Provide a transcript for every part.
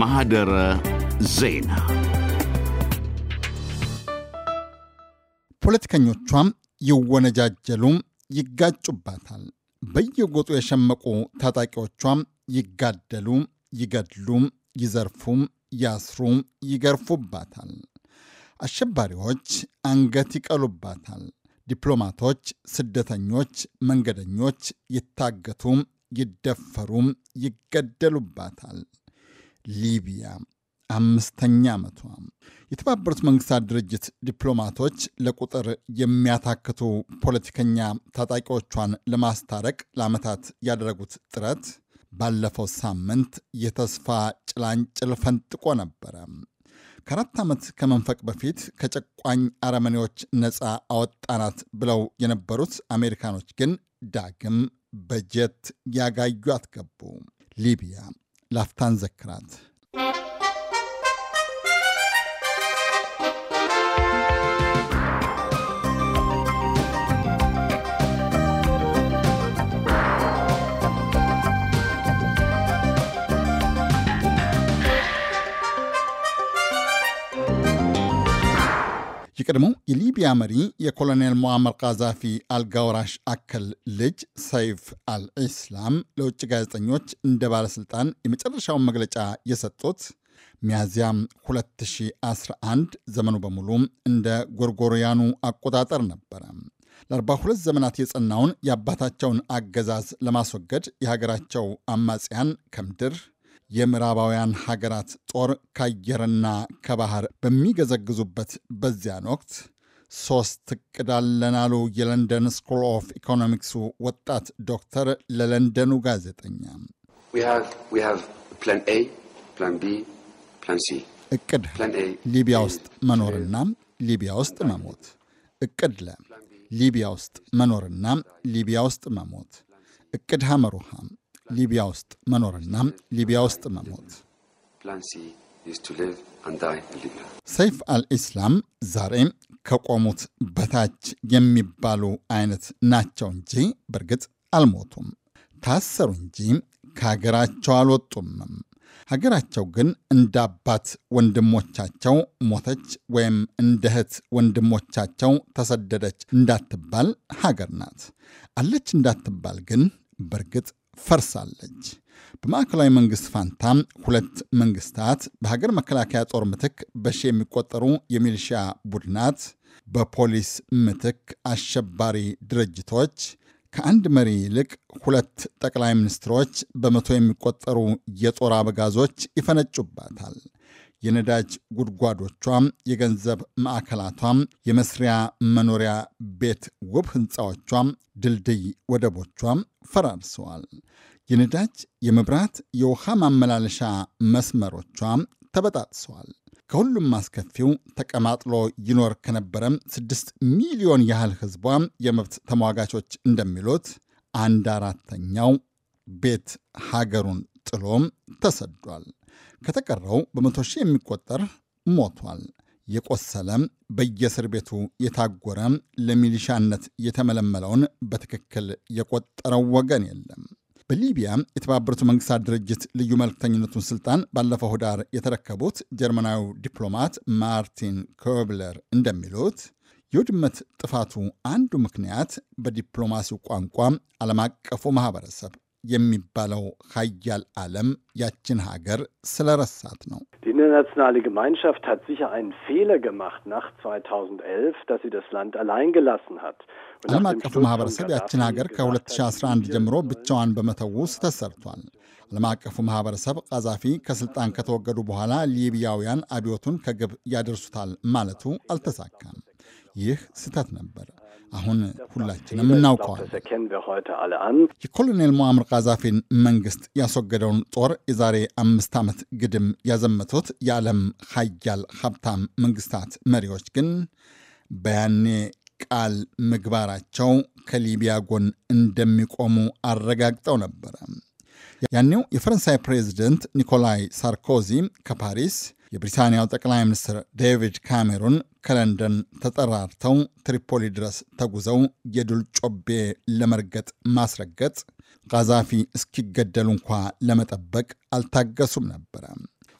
ማህደረ ዜና ፖለቲከኞቿም ይወነጃጀሉም ይጋጩባታል። በየጎጡ የሸመቁ ታጣቂዎቿም ይጋደሉ፣ ይገድሉም፣ ይዘርፉም፣ ያስሩም፣ ይገርፉባታል። አሸባሪዎች አንገት ይቀሉባታል። ዲፕሎማቶች፣ ስደተኞች፣ መንገደኞች ይታገቱም፣ ይደፈሩም፣ ይገደሉባታል። ሊቢያ አምስተኛ ዓመቷ። የተባበሩት መንግስታት ድርጅት ዲፕሎማቶች ለቁጥር የሚያታክቱ ፖለቲከኛ ታጣቂዎቿን ለማስታረቅ ለዓመታት ያደረጉት ጥረት ባለፈው ሳምንት የተስፋ ጭላንጭል ፈንጥቆ ነበረ። ከአራት ዓመት ከመንፈቅ በፊት ከጨቋኝ አረመኔዎች ነፃ አወጣናት ብለው የነበሩት አሜሪካኖች ግን ዳግም በጀት ያጋዩ አትገቡ ሊቢያ ላፍታን ዘክራት። የቀድሞው የሊቢያ መሪ የኮሎኔል ሞአመር ቃዛፊ አልጋውራሽ አከል ልጅ ሰይፍ አልኢስላም ለውጭ ጋዜጠኞች እንደ ባለሥልጣን የመጨረሻውን መግለጫ የሰጡት ሚያዚያም 2011 ዘመኑ በሙሉ እንደ ጎርጎሪያኑ አቆጣጠር ነበረ። ለ42 ዘመናት የጸናውን የአባታቸውን አገዛዝ ለማስወገድ የሀገራቸው አማጽያን ከምድር የምዕራባውያን ሀገራት ጦር ከአየርና ከባህር በሚገዘግዙበት በዚያን ወቅት ሶስት እቅድ አለን አሉ የለንደን ስኩል ኦፍ ኢኮኖሚክሱ ወጣት ዶክተር ለለንደኑ ጋዜጠኛ። እቅድ ሊቢያ ውስጥ መኖርና ሊቢያ ውስጥ መሞት። እቅድ ለ ሊቢያ ውስጥ መኖርና ሊቢያ ውስጥ መሞት። እቅድ ሐመሩሃም ሊቢያ ውስጥ መኖርና ሊቢያ ውስጥ መሞት። ሰይፍ አልኢስላም ዛሬ ከቆሙት በታች የሚባሉ አይነት ናቸው እንጂ በእርግጥ አልሞቱም። ታሰሩ እንጂ ከሀገራቸው አልወጡምም። ሀገራቸው ግን እንደ አባት ወንድሞቻቸው ሞተች ወይም እንደ እህት ወንድሞቻቸው ተሰደደች እንዳትባል ሀገር ናት። አለች እንዳትባል ግን በእርግጥ ፈርሳለች። በማዕከላዊ መንግስት ፋንታም ሁለት መንግስታት በሀገር መከላከያ ጦር ምትክ በሺ የሚቆጠሩ የሚሊሻ ቡድናት፣ በፖሊስ ምትክ አሸባሪ ድርጅቶች፣ ከአንድ መሪ ይልቅ ሁለት ጠቅላይ ሚኒስትሮች፣ በመቶ የሚቆጠሩ የጦር አበጋዞች ይፈነጩባታል። የነዳጅ ጉድጓዶቿም፣ የገንዘብ ማዕከላቷም፣ የመስሪያ መኖሪያ ቤት ውብ ህንፃዎቿ ድልድይ ወደቦቿም ፈራርሰዋል። የነዳጅ የመብራት፣ የውሃ ማመላለሻ መስመሮቿም ተበጣጥሰዋል። ከሁሉም አስከፊው ተቀማጥሎ ይኖር ከነበረም ስድስት ሚሊዮን ያህል ህዝቧ የመብት ተሟጋቾች እንደሚሉት አንድ አራተኛው ቤት ሀገሩን ጥሎም ተሰዷል። ከተቀረው በመቶ ሺህ የሚቆጠር ሞቷል። የቆሰለ በየእስር ቤቱ የታጎረ ለሚሊሻነት የተመለመለውን በትክክል የቆጠረው ወገን የለም። በሊቢያ የተባበሩት መንግስታት ድርጅት ልዩ መልክተኝነቱን ስልጣን ባለፈው ህዳር የተረከቡት ጀርመናዊ ዲፕሎማት ማርቲን ኮብለር እንደሚሉት የውድመት ጥፋቱ አንዱ ምክንያት በዲፕሎማሲው ቋንቋ ዓለም አቀፉ ማህበረሰብ የሚባለው ሀያል ዓለም ያችን ሀገር ስለረሳት ነው። ዓለም አቀፉ ማህበረሰብ ያችን ሀገር ከ2011 ጀምሮ ብቻዋን በመተው ተሰርቷል። ዓለም አቀፉ ማህበረሰብ ቀዛፊ ከስልጣን ከተወገዱ በኋላ ሊቢያውያን አብዮቱን ከግብ ያደርሱታል ማለቱ አልተሳካም። ይህ ስህተት ነበር። አሁን ሁላችንም እናውቀዋለን። የኮሎኔል ሞአምር ቃዛፊን መንግስት ያስወገደውን ጦር የዛሬ አምስት ዓመት ግድም ያዘመቱት የዓለም ሀያል ሀብታም መንግስታት መሪዎች ግን በያኔ ቃል ምግባራቸው ከሊቢያ ጎን እንደሚቆሙ አረጋግጠው ነበረ። ያኔው የፈረንሳይ ፕሬዚደንት ኒኮላይ ሳርኮዚ ከፓሪስ የብሪታንያው ጠቅላይ ሚኒስትር ዴቪድ ካሜሩን ከለንደን ተጠራርተው ትሪፖሊ ድረስ ተጉዘው የዱል ጮቤ ለመርገጥ ማስረገጥ፣ ጋዛፊ እስኪገደሉ እንኳ ለመጠበቅ አልታገሱም ነበረ።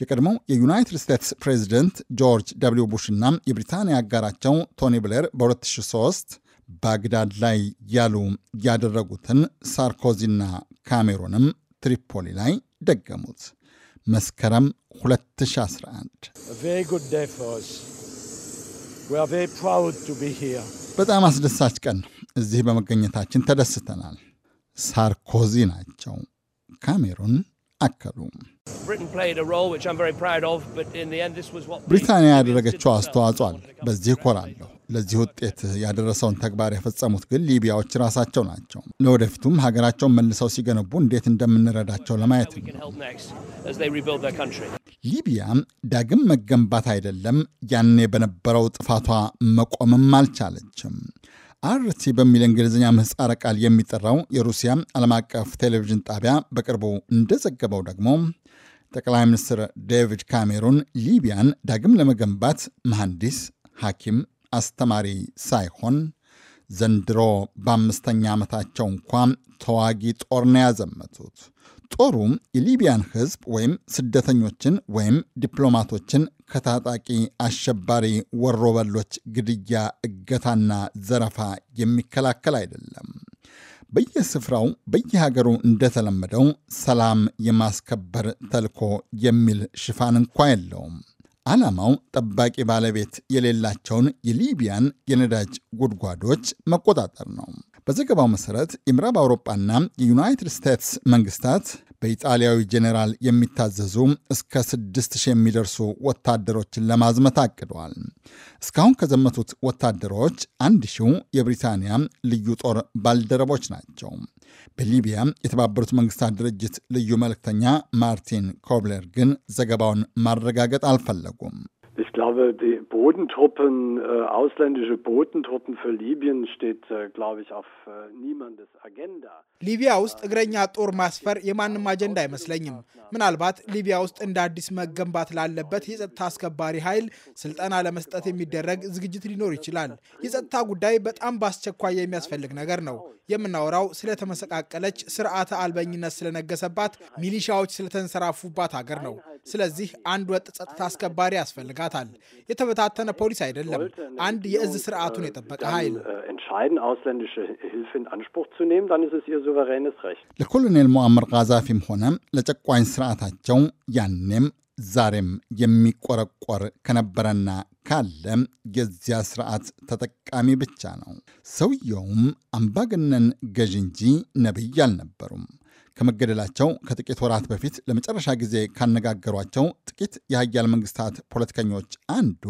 የቀድሞው የዩናይትድ ስቴትስ ፕሬዚደንት ጆርጅ ደብልዩ ቡሽ እና የብሪታንያ አጋራቸው ቶኒ ብሌር በ2003 ባግዳድ ላይ ያሉ ያደረጉትን ሳርኮዚና ካሜሩንም ትሪፖሊ ላይ ደገሙት። መስከረም 2011 በጣም አስደሳች ቀን እዚህ በመገኘታችን ተደስተናል። ሳርኮዚ ናቸው ካሜሩን አከሉ። ብሪታንያ ያደረገችው አስተዋጽኦ አለ። በዚህ እኮራለሁ። ለዚህ ውጤት ያደረሰውን ተግባር የፈጸሙት ግን ሊቢያዎች ራሳቸው ናቸው። ለወደፊቱም ሀገራቸውን መልሰው ሲገነቡ እንዴት እንደምንረዳቸው ለማየት ነው። ሊቢያ ዳግም መገንባት አይደለም ያኔ በነበረው ጥፋቷ መቆምም አልቻለችም። አርቲ በሚል እንግሊዝኛ ምህፃረ ቃል የሚጠራው የሩሲያ ዓለም አቀፍ ቴሌቪዥን ጣቢያ በቅርቡ እንደዘገበው ደግሞ ጠቅላይ ሚኒስትር ዴቪድ ካሜሩን ሊቢያን ዳግም ለመገንባት መሐንዲስ፣ ሐኪም አስተማሪ ሳይሆን ዘንድሮ በአምስተኛ ዓመታቸው እንኳ ተዋጊ ጦር ነው ያዘመቱት። ጦሩ የሊቢያን ሕዝብ ወይም ስደተኞችን ወይም ዲፕሎማቶችን ከታጣቂ አሸባሪ ወሮበሎች ግድያ፣ እገታና ዘረፋ የሚከላከል አይደለም። በየስፍራው በየሀገሩ እንደተለመደው ሰላም የማስከበር ተልኮ የሚል ሽፋን እንኳ የለውም። ዓላማው ጠባቂ ባለቤት የሌላቸውን የሊቢያን የነዳጅ ጉድጓዶች መቆጣጠር ነው። በዘገባው መሠረት የምዕራብ አውሮፓና የዩናይትድ ስቴትስ መንግስታት በኢጣሊያዊ ጄኔራል የሚታዘዙ እስከ 6000 የሚደርሱ ወታደሮችን ለማዝመት አቅደዋል። እስካሁን ከዘመቱት ወታደሮች አንድ ሺው የብሪታንያ ልዩ ጦር ባልደረቦች ናቸው። በሊቢያ የተባበሩት መንግስታት ድርጅት ልዩ መልእክተኛ ማርቲን ኮብለር ግን ዘገባውን ማረጋገጥ አልፈለጉም። Ich glaube, die Bodentruppen, äh, ausländische Bodentruppen für Libyen steht, äh, glaube ich, auf äh, niemandes Agenda. ሊቢያ ውስጥ እግረኛ ጦር ማስፈር የማንም አጀንዳ አይመስለኝም። ምናልባት ሊቢያ ውስጥ እንደ አዲስ መገንባት ላለበት የጸጥታ አስከባሪ ኃይል ስልጠና ለመስጠት የሚደረግ ዝግጅት ሊኖር ይችላል። የጸጥታ ጉዳይ በጣም በአስቸኳይ የሚያስፈልግ ነገር ነው። የምናወራው ስለተመሰቃቀለች ስርዓተ አልበኝነት ስለነገሰባት ሚሊሻዎች ስለተንሰራፉባት ሀገር ነው። ስለዚህ አንድ ወጥ ጸጥታ አስከባሪ ያስፈልጋታል። የተበታተነ ፖሊስ አይደለም፣ አንድ የእዝ ስርዓቱን የጠበቀ ኃይል። ለኮሎኔል ሞአምር ቃዛፊም ሆነ ለጨቋኝ ስርዓታቸው ያኔም ዛሬም የሚቆረቆር ከነበረና ካለ የዚያ ስርዓት ተጠቃሚ ብቻ ነው። ሰውየውም አምባገነን ገዥ እንጂ ነቢይ አልነበሩም። ከመገደላቸው ከጥቂት ወራት በፊት ለመጨረሻ ጊዜ ካነጋገሯቸው ጥቂት የሀያል መንግስታት ፖለቲከኞች አንዱ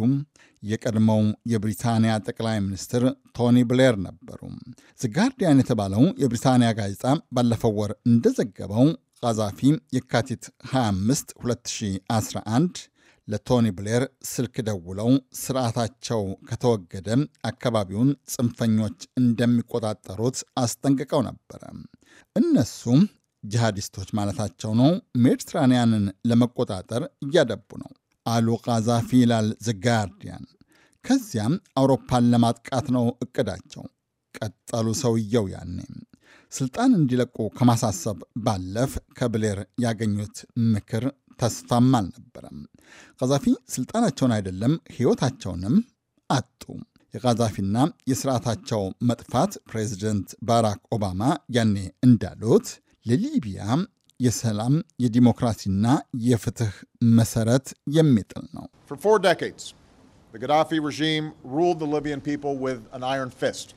የቀድሞው የብሪታንያ ጠቅላይ ሚኒስትር ቶኒ ብሌር ነበሩ። ዝጋርዲያን የተባለው የብሪታንያ ጋዜጣ ባለፈው ወር እንደዘገበው ቃዛፊ የካቲት 25 2011 ለቶኒ ብሌር ስልክ ደውለው ስርዓታቸው ከተወገደ አካባቢውን ጽንፈኞች እንደሚቆጣጠሩት አስጠንቅቀው ነበረ። እነሱም ጂሃዲስቶች ማለታቸው ነው፣ ሜዲትራንያንን ለመቆጣጠር እያደቡ ነው አሉ ቃዛፊ ይላል ዘጋርዲያን ከዚያም አውሮፓን ለማጥቃት ነው እቅዳቸው፣ ቀጠሉ ሰውየው። ያኔ ስልጣን እንዲለቁ ከማሳሰብ ባለፍ ከብሌር ያገኙት ምክር ተስፋም አልነበረም። ቀዛፊ ስልጣናቸውን አይደለም ሕይወታቸውንም አጡ። የቃዛፊና የስርዓታቸው መጥፋት ፕሬዚደንት ባራክ ኦባማ ያኔ እንዳሉት ለሊቢያ የሰላም የዲሞክራሲና የፍትህ መሰረት የሚጥል ነው። ጋዳፊ ሪም ሩልድ ሊቢያን ፒፕል ዊዝ አን አይረን ፊስት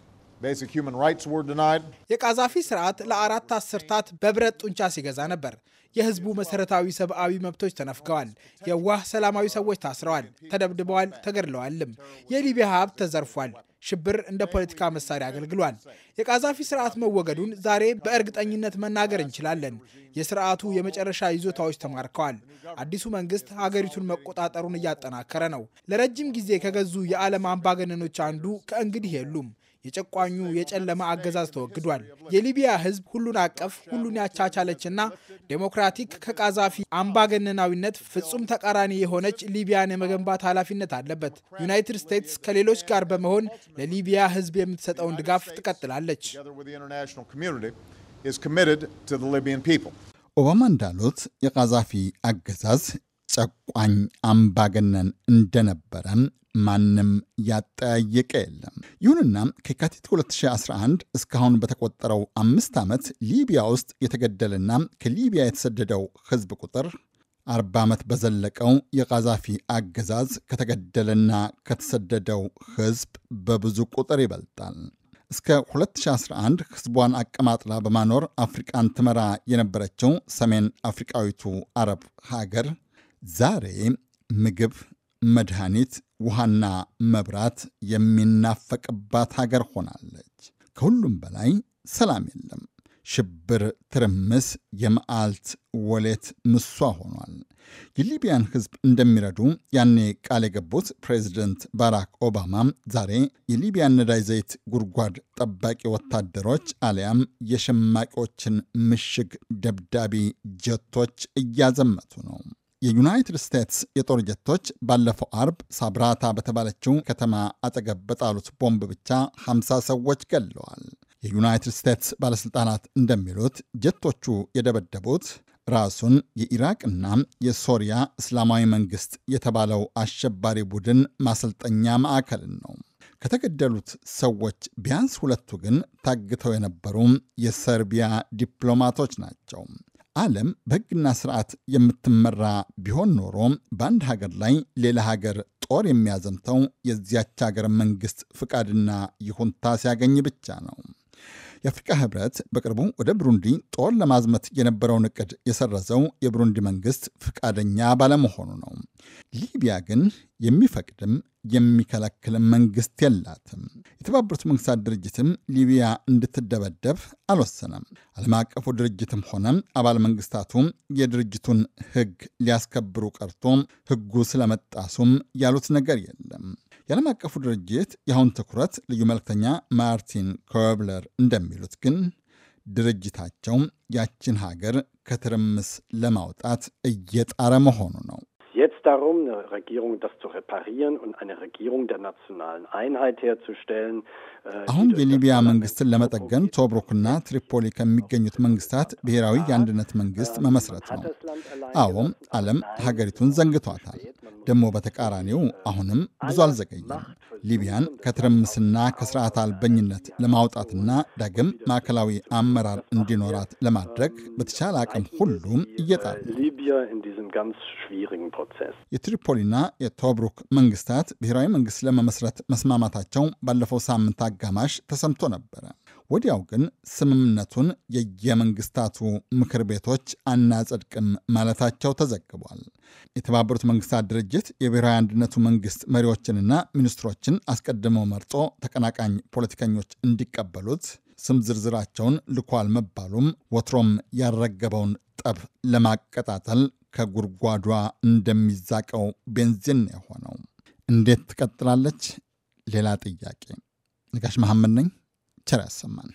የቃዛፊ ስርዓት ለአራት አስርታት በብረት ጡንቻ ሲገዛ ነበር። የህዝቡ መሰረታዊ ሰብአዊ መብቶች ተነፍገዋል። የዋህ ሰላማዊ ሰዎች ታስረዋል፣ ተደብድበዋል፣ ተገድለዋልም። የሊቢያ ሀብት ተዘርፏል። ሽብር እንደ ፖለቲካ መሳሪያ አገልግሏል። የቃዛፊ ስርዓት መወገዱን ዛሬ በእርግጠኝነት መናገር እንችላለን። የስርዓቱ የመጨረሻ ይዞታዎች ተማርከዋል። አዲሱ መንግስት ሀገሪቱን መቆጣጠሩን እያጠናከረ ነው። ለረጅም ጊዜ ከገዙ የዓለም አምባገነኖች አንዱ ከእንግዲህ የሉም። የጨቋኙ የጨለማ አገዛዝ ተወግዷል። የሊቢያ ህዝብ ሁሉን አቀፍ ሁሉን ያቻቻለችና ዴሞክራቲክ ከቃዛፊ አምባገነናዊነት ፍጹም ተቃራኒ የሆነች ሊቢያን የመገንባት ኃላፊነት አለበት። ዩናይትድ ስቴትስ ከሌሎች ጋር በመሆን ለሊቢያ ህዝብ የምትሰጠውን ድጋፍ ትቀጥላለች። ኦባማ እንዳሉት የቃዛፊ አገዛዝ ጨቋኝ አምባገነን እንደነበረ ማንም ያጠያየቀ የለም። ይሁንና ከካቲት 2011 እስካሁን በተቆጠረው አምስት ዓመት ሊቢያ ውስጥ የተገደለና ከሊቢያ የተሰደደው ሕዝብ ቁጥር አርባ ዓመት በዘለቀው የቃዛፊ አገዛዝ ከተገደለና ከተሰደደው ሕዝብ በብዙ ቁጥር ይበልጣል። እስከ 2011 ህዝቧን አቀማጥላ በማኖር አፍሪቃን ትመራ የነበረችው ሰሜን አፍሪቃዊቱ አረብ ሀገር ዛሬ ምግብ፣ መድኃኒት፣ ውሃና መብራት የሚናፈቅባት ሀገር ሆናለች። ከሁሉም በላይ ሰላም የለም። ሽብር፣ ትርምስ፣ የመዓልት ወሌት ምሷ ሆኗል። የሊቢያን ሕዝብ እንደሚረዱ ያኔ ቃል የገቡት ፕሬዚደንት ባራክ ኦባማ ዛሬ የሊቢያን ነዳጅ ዘይት ጉድጓድ ጠባቂ ወታደሮች አሊያም የሸማቂዎችን ምሽግ ደብዳቢ ጀቶች እያዘመቱ ነው። የዩናይትድ ስቴትስ የጦር ጀቶች ባለፈው አርብ ሳብራታ በተባለችው ከተማ አጠገብ በጣሉት ቦምብ ብቻ 50 ሰዎች ገለዋል። የዩናይትድ ስቴትስ ባለሥልጣናት እንደሚሉት ጀቶቹ የደበደቡት ራሱን የኢራቅና የሶሪያ እስላማዊ መንግሥት የተባለው አሸባሪ ቡድን ማሰልጠኛ ማዕከልን ነው። ከተገደሉት ሰዎች ቢያንስ ሁለቱ ግን ታግተው የነበሩ የሰርቢያ ዲፕሎማቶች ናቸው። ዓለም በሕግና ስርዓት የምትመራ ቢሆን ኖሮ በአንድ ሀገር ላይ ሌላ ሀገር ጦር የሚያዘምተው የዚያች ሀገር መንግስት ፍቃድና ይሁንታ ሲያገኝ ብቻ ነው። የአፍሪካ ህብረት በቅርቡ ወደ ብሩንዲ ጦር ለማዝመት የነበረውን እቅድ የሰረዘው የብሩንዲ መንግስት ፍቃደኛ ባለመሆኑ ነው። ሊቢያ ግን የሚፈቅድም የሚከለክልም መንግስት የላትም። የተባበሩት መንግስታት ድርጅትም ሊቢያ እንድትደበደብ አልወሰነም። ዓለም አቀፉ ድርጅትም ሆነ አባል መንግስታቱ የድርጅቱን ህግ ሊያስከብሩ ቀርቶ ህጉ ስለመጣሱም ያሉት ነገር የለም። የዓለም አቀፉ ድርጅት የአሁን ትኩረት ልዩ መልክተኛ ማርቲን ኮብለር እንደሚሉት ግን ድርጅታቸው ያችን ሀገር ከትርምስ ለማውጣት እየጣረ መሆኑ ነው። darum, eine Regierung das zu reparieren und eine Regierung der nationalen Einheit herzustellen. Äh, አሁን የሊቢያ መንግስትን ለመጠገን ቶብሩክና ትሪፖሊ ከሚገኙት መንግስታት ብሔራዊ የአንድነት መንግስት äh, መመስረት ነው። አዎም ዓለም ሀገሪቱን ዘንግቷታል። ደግሞ በተቃራኒው አሁንም ብዙ አልዘገየም። ሊቢያን ከትርምስና ከስርዓት አልበኝነት ለማውጣትና ዳግም ማዕከላዊ አመራር እንዲኖራት ለማድረግ በተቻለ አቅም ሁሉም እየጣር ነው። äh, የትሪፖሊና የቶብሩክ መንግስታት ብሔራዊ መንግስት ለመመስረት መስማማታቸው ባለፈው ሳምንት አጋማሽ ተሰምቶ ነበረ። ወዲያው ግን ስምምነቱን የየመንግስታቱ ምክር ቤቶች አናጸድቅም ማለታቸው ተዘግቧል። የተባበሩት መንግስታት ድርጅት የብሔራዊ አንድነቱ መንግስት መሪዎችንና ሚኒስትሮችን አስቀድመው መርጦ ተቀናቃኝ ፖለቲከኞች እንዲቀበሉት ስም ዝርዝራቸውን ልኳል መባሉም ወትሮም ያረገበውን ጠብ ለማቀጣጠል ከጉድጓዷ እንደሚዛቀው ቤንዚን የሆነው እንዴት ትቀጥላለች? ሌላ ጥያቄ። ነጋሽ መሐመድ ነኝ። ቸር ያሰማን።